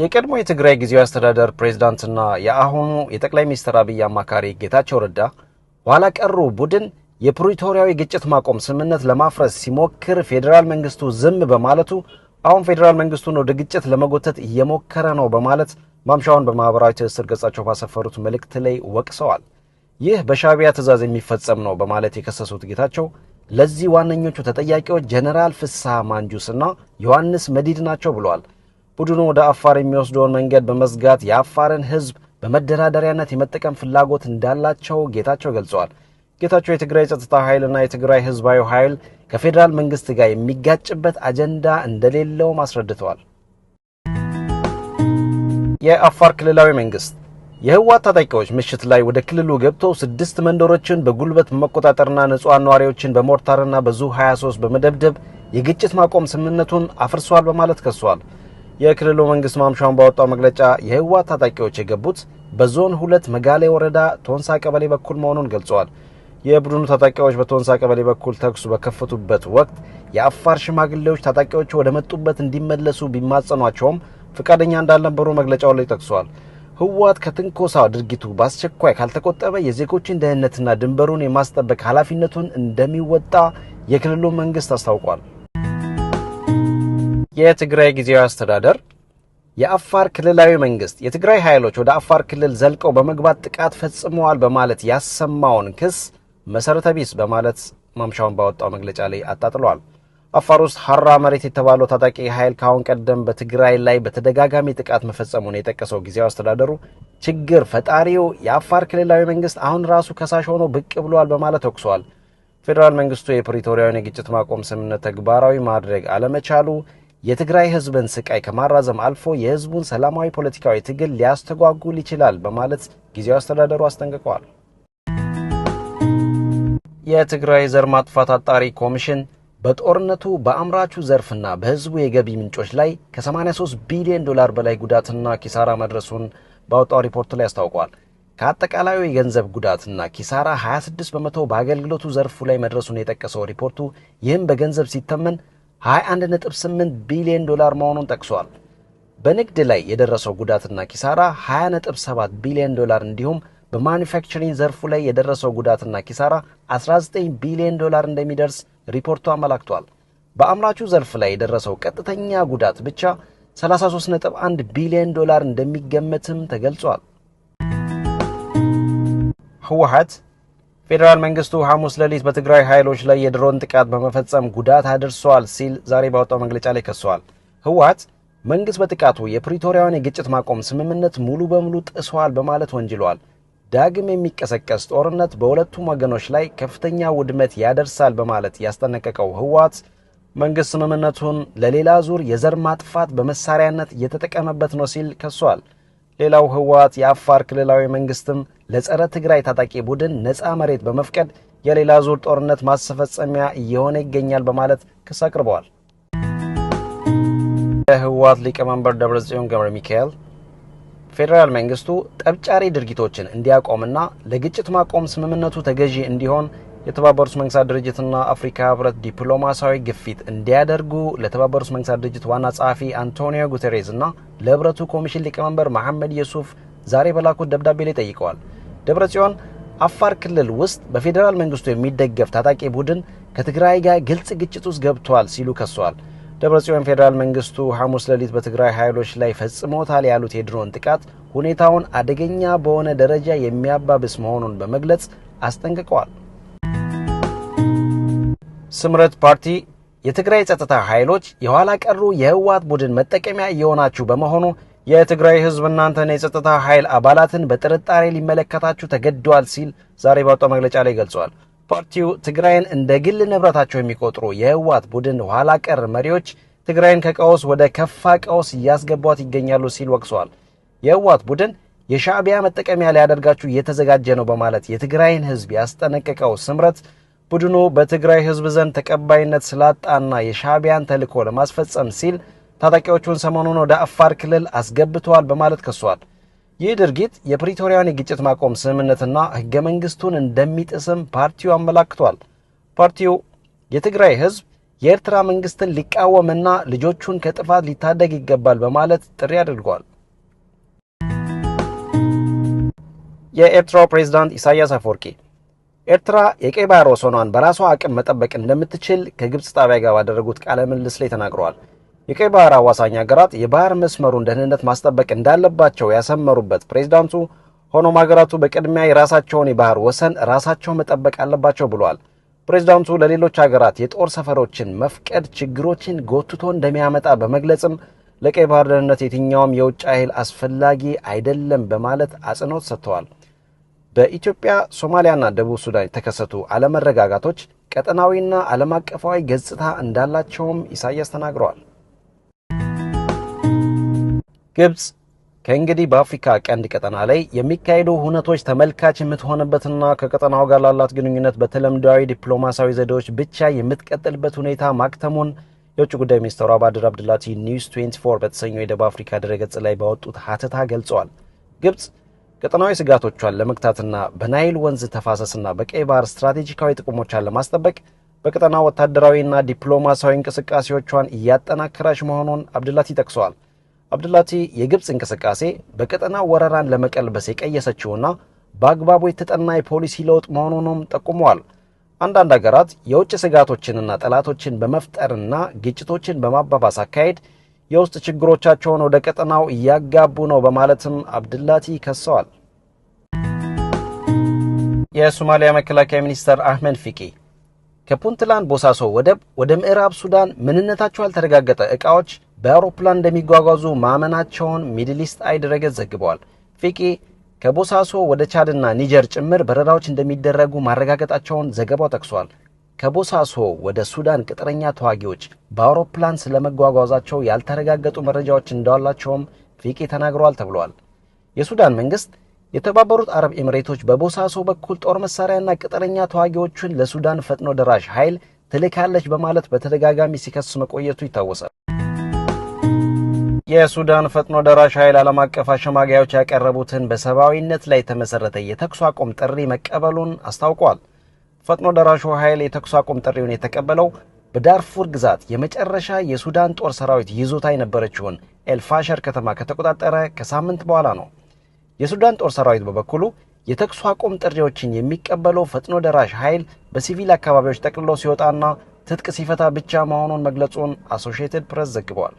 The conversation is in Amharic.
የቀድሞ የትግራይ ጊዜያዊ አስተዳደር ፕሬዝዳንትና የአሁኑ የጠቅላይ ሚኒስትር አብይ አማካሪ ጌታቸው ረዳ ኋላ ቀሩ ቡድን የፕሪቶሪያዊ ግጭት ማቆም ስምምነት ለማፍረስ ሲሞክር ፌዴራል መንግስቱ ዝም በማለቱ አሁን ፌዴራል መንግስቱን ወደ ግጭት ለመጎተት እየሞከረ ነው በማለት ማምሻውን በማህበራዊ ትስስር ገጻቸው ባሰፈሩት መልእክት ላይ ወቅሰዋል። ይህ በሻቢያ ትዕዛዝ የሚፈጸም ነው በማለት የከሰሱት ጌታቸው ለዚህ ዋነኞቹ ተጠያቂዎች ጀነራል ፍስሐ ማንጁስና ዮሐንስ መዲድ ናቸው ብለዋል። ቡድኑ ወደ አፋር የሚወስደውን መንገድ በመዝጋት የአፋርን ህዝብ በመደራደሪያነት የመጠቀም ፍላጎት እንዳላቸው ጌታቸው ገልጸዋል። ጌታቸው የትግራይ ጸጥታ ኃይልና የትግራይ ህዝባዊ ኃይል ከፌዴራል መንግስት ጋር የሚጋጭበት አጀንዳ እንደሌለውም አስረድተዋል። የአፋር ክልላዊ መንግስት የህወሓት ታጣቂዎች ምሽት ላይ ወደ ክልሉ ገብተው ስድስት መንደሮችን በጉልበት መቆጣጠርና ንጹሐን ነዋሪዎችን በሞርታርና በዙ 23 በመደብደብ የግጭት ማቆም ስምምነቱን አፍርሷል በማለት ከሷል። የክልሉ መንግስት ማምሻውን ባወጣው መግለጫ የህወሓት ታጣቂዎች የገቡት በዞን ሁለት መጋሌ ወረዳ ቶንሳ ቀበሌ በኩል መሆኑን ገልጸዋል። የቡድኑ ታጣቂዎች በቶንሳ ቀበሌ በኩል ተኩሱ በከፈቱበት ወቅት የአፋር ሽማግሌዎች ታጣቂዎች ወደ መጡበት እንዲመለሱ ቢማጸኗቸውም ፈቃደኛ እንዳልነበሩ መግለጫው ላይ ጠቅሰዋል። ህወሓት ከትንኮሳ ድርጊቱ በአስቸኳይ ካልተቆጠበ የዜጎችን ደህንነትና ድንበሩን የማስጠበቅ ኃላፊነቱን እንደሚወጣ የክልሉ መንግስት አስታውቋል። የትግራይ ጊዜያዊ አስተዳደር የአፋር ክልላዊ መንግስት የትግራይ ኃይሎች ወደ አፋር ክልል ዘልቀው በመግባት ጥቃት ፈጽመዋል በማለት ያሰማውን ክስ መሰረተ ቢስ በማለት ማምሻውን ባወጣው መግለጫ ላይ አጣጥሏል። አፋር ውስጥ ሀራ መሬት የተባለው ታጣቂ ኃይል ከአሁን ቀደም በትግራይ ላይ በተደጋጋሚ ጥቃት መፈጸሙን የጠቀሰው ጊዜያዊ አስተዳደሩ ችግር ፈጣሪው የአፋር ክልላዊ መንግስት አሁን ራሱ ከሳሽ ሆኖ ብቅ ብሏል በማለት ወቅሰዋል። ፌዴራል መንግስቱ የፕሪቶሪያውን የግጭት ማቆም ስምምነት ተግባራዊ ማድረግ አለመቻሉ የትግራይ ህዝብን ስቃይ ከማራዘም አልፎ የህዝቡን ሰላማዊ ፖለቲካዊ ትግል ሊያስተጓጉል ይችላል በማለት ጊዜያዊ አስተዳደሩ አስጠንቅቀዋል። የትግራይ ዘር ማጥፋት አጣሪ ኮሚሽን በጦርነቱ በአምራቹ ዘርፍና በህዝቡ የገቢ ምንጮች ላይ ከ83 ቢሊዮን ዶላር በላይ ጉዳትና ኪሳራ መድረሱን በወጣው ሪፖርት ላይ አስታውቋል። ከአጠቃላዩ የገንዘብ ጉዳትና ኪሳራ 26 በመቶ በአገልግሎቱ ዘርፉ ላይ መድረሱን የጠቀሰው ሪፖርቱ ይህም በገንዘብ ሲተመን 21.8 ቢሊዮን ዶላር መሆኑን ጠቅሷል። በንግድ ላይ የደረሰው ጉዳትና ኪሳራ 20.7 ቢሊዮን ዶላር እንዲሁም በማኒፋክቸሪንግ ዘርፉ ላይ የደረሰው ጉዳትና ኪሳራ 19 ቢሊዮን ዶላር እንደሚደርስ ሪፖርቱ አመላክቷል። በአምራቹ ዘርፍ ላይ የደረሰው ቀጥተኛ ጉዳት ብቻ 33.1 ቢሊዮን ዶላር እንደሚገመትም ተገልጿል። ህወሓት ፌዴራል መንግስቱ ሐሙስ ሌሊት በትግራይ ኃይሎች ላይ የድሮን ጥቃት በመፈጸም ጉዳት አድርሷል ሲል ዛሬ ባወጣው መግለጫ ላይ ከሷል። ህወሓት መንግስት በጥቃቱ የፕሪቶሪያውን የግጭት ማቆም ስምምነት ሙሉ በሙሉ ጥሷል በማለት ወንጅሏል። ዳግም የሚቀሰቀስ ጦርነት በሁለቱም ወገኖች ላይ ከፍተኛ ውድመት ያደርሳል በማለት ያስጠነቀቀው ህወሓት መንግስት ስምምነቱን ለሌላ ዙር የዘር ማጥፋት በመሳሪያነት እየተጠቀመበት ነው ሲል ከሷል። ሌላው ህወሓት የአፋር ክልላዊ መንግስትም ለጸረ ትግራይ ታጣቂ ቡድን ነፃ መሬት በመፍቀድ የሌላ ዙር ጦርነት ማስፈጸሚያ እየሆነ ይገኛል በማለት ክስ አቅርበዋል። የህወሓት ሊቀመንበር ደብረጽዮን ገብረ ሚካኤል ፌዴራል መንግስቱ ጠብጫሪ ድርጊቶችን እንዲያቆምና ለግጭት ማቆም ስምምነቱ ተገዢ እንዲሆን የተባበሩት መንግስታት ድርጅትና አፍሪካ ህብረት ዲፕሎማሲያዊ ግፊት እንዲያደርጉ ለተባበሩት መንግስታት ድርጅት ዋና ጸሐፊ አንቶኒዮ ጉቴሬዝ እና ለህብረቱ ኮሚሽን ሊቀመንበር መሐመድ የሱፍ ዛሬ በላኩት ደብዳቤ ላይ ጠይቀዋል። ደብረ ጽዮን አፋር ክልል ውስጥ በፌዴራል መንግስቱ የሚደገፍ ታጣቂ ቡድን ከትግራይ ጋር ግልጽ ግጭት ውስጥ ገብቷል ሲሉ ከሰዋል። ደብረ ጽዮን ፌዴራል መንግስቱ ሐሙስ ሌሊት በትግራይ ኃይሎች ላይ ፈጽሞታል ያሉት የድሮን ጥቃት ሁኔታውን አደገኛ በሆነ ደረጃ የሚያባብስ መሆኑን በመግለጽ አስጠንቅቀዋል። ስምረት ፓርቲ የትግራይ ጸጥታ ኃይሎች የኋላ ቀሩ የህወሓት ቡድን መጠቀሚያ እየሆናችሁ በመሆኑ የትግራይ ህዝብ እናንተን የጸጥታ ኃይል አባላትን በጥርጣሬ ሊመለከታችሁ ተገደዋል ሲል ዛሬ ባወጣው መግለጫ ላይ ገልጿል። ፓርቲው ትግራይን እንደ ግል ንብረታቸው የሚቆጥሩ የህወሓት ቡድን ኋላ ቀር መሪዎች ትግራይን ከቀውስ ወደ ከፋ ቀውስ እያስገቧት ይገኛሉ ሲል ወቅሷል። የህወሓት ቡድን የሻዕቢያ መጠቀሚያ ሊያደርጋችሁ እየተዘጋጀ ነው በማለት የትግራይን ህዝብ ያስጠነቀቀው ስምረት ቡድኑ በትግራይ ህዝብ ዘንድ ተቀባይነት ስላጣና የሻቢያን ተልዕኮ ለማስፈጸም ሲል ታጣቂዎቹን ሰሞኑን ወደ አፋር ክልል አስገብተዋል በማለት ከሷል። ይህ ድርጊት የፕሪቶሪያን የግጭት ማቆም ስምምነትና ህገ መንግስቱን እንደሚጥስም ፓርቲው አመላክቷል። ፓርቲው የትግራይ ህዝብ የኤርትራ መንግስትን ሊቃወምና ልጆቹን ከጥፋት ሊታደግ ይገባል በማለት ጥሪ አድርጓል። የኤርትራው ፕሬዝዳንት ኢሳያስ አፈወርቄ ኤርትራ የቀይ ባህር ወሰኗን በራሷ አቅም መጠበቅ እንደምትችል ከግብፅ ጣቢያ ጋር ባደረጉት ቃለ ምልልስ ላይ ተናግረዋል። የቀይ ባህር አዋሳኝ ሀገራት የባህር መስመሩን ደህንነት ማስጠበቅ እንዳለባቸው ያሰመሩበት ፕሬዚዳንቱ ሆኖም ሀገራቱ በቅድሚያ የራሳቸውን የባህር ወሰን ራሳቸው መጠበቅ አለባቸው ብሏል። ፕሬዚዳንቱ ለሌሎች ሀገራት የጦር ሰፈሮችን መፍቀድ ችግሮችን ጎትቶ እንደሚያመጣ በመግለጽም ለቀይ ባህር ደህንነት የትኛውም የውጭ ኃይል አስፈላጊ አይደለም በማለት አጽንኦት ሰጥተዋል። በኢትዮጵያ ሶማሊያና ደቡብ ሱዳን የተከሰቱ አለመረጋጋቶች ቀጠናዊና ዓለም አቀፋዊ ገጽታ እንዳላቸውም ኢሳያስ ተናግረዋል። ግብፅ ከእንግዲህ በአፍሪካ ቀንድ ቀጠና ላይ የሚካሄዱ ሁነቶች ተመልካች የምትሆንበትና ከቀጠናው ጋር ላላት ግንኙነት በተለምዳዊ ዲፕሎማሲያዊ ዘዴዎች ብቻ የምትቀጥልበት ሁኔታ ማክተሙን የውጭ ጉዳይ ሚኒስትሩ አባድር አብድላቲ ኒውስ 24 በተሰኘው የደቡብ አፍሪካ ድረገጽ ላይ ባወጡት ሀተታ ገልጸዋል። ግብፅ ቀጠናዊ ስጋቶቿን ለመግታትና በናይል ወንዝ ተፋሰስና በቀይ ባህር ስትራቴጂካዊ ጥቅሞቿን ለማስጠበቅ በቀጠና ወታደራዊና ዲፕሎማሲያዊ እንቅስቃሴዎቿን እያጠናከረች መሆኑን አብድላቲ ጠቅሰዋል። አብድላቲ የግብፅ እንቅስቃሴ በቀጠና ወረራን ለመቀልበስ የቀየሰችውና በአግባቡ የተጠና የፖሊሲ ለውጥ መሆኑንም ጠቁመዋል። አንዳንድ አገራት የውጭ ስጋቶችንና ጠላቶችን በመፍጠርና ግጭቶችን በማባባስ አካሄድ የውስጥ ችግሮቻቸውን ወደ ቀጠናው እያጋቡ ነው በማለትም አብድላቲ ከሰዋል። የሶማሊያ መከላከያ ሚኒስተር አህመድ ፊቂ ከፑንትላንድ ቦሳሶ ወደብ ወደ ምዕራብ ሱዳን ምንነታቸው ያልተረጋገጠ ዕቃዎች በአውሮፕላን እንደሚጓጓዙ ማመናቸውን ሚድል ኢስት አይ ድረገጽ ዘግበዋል። ፊቂ ከቦሳሶ ወደ ቻድና ኒጀር ጭምር በረራዎች እንደሚደረጉ ማረጋገጣቸውን ዘገባው ጠቅሷል። ከቦሳሶ ወደ ሱዳን ቅጥረኛ ተዋጊዎች በአውሮፕላን ስለመጓጓዛቸው ያልተረጋገጡ መረጃዎች እንዳሏቸውም ፊቂ ተናግረዋል ተብሏል። የሱዳን መንግስት የተባበሩት አረብ ኤምሬቶች በቦሳሶ በኩል ጦር መሳሪያና ቅጥረኛ ተዋጊዎቹን ለሱዳን ፈጥኖ ደራሽ ኃይል ትልካለች በማለት በተደጋጋሚ ሲከስ መቆየቱ ይታወሳል። የሱዳን ፈጥኖ ደራሽ ኃይል ዓለም አቀፍ አሸማጋዮች ያቀረቡትን በሰብአዊነት ላይ የተመሠረተ የተኩስ አቁም ጥሪ መቀበሉን አስታውቋል። ፈጥኖ ደራሹ ኃይል የተኩስ አቁም ጥሪውን የተቀበለው በዳርፉር ግዛት የመጨረሻ የሱዳን ጦር ሰራዊት ይዞታ የነበረችውን ኤልፋሸር ከተማ ከተቆጣጠረ ከሳምንት በኋላ ነው። የሱዳን ጦር ሰራዊት በበኩሉ የተኩስ አቁም ጥሪዎችን የሚቀበለው ፈጥኖ ደራሽ ኃይል በሲቪል አካባቢዎች ጠቅልሎ ሲወጣና ትጥቅ ሲፈታ ብቻ መሆኑን መግለጹን አሶሺየትድ ፕሬስ ዘግቧል።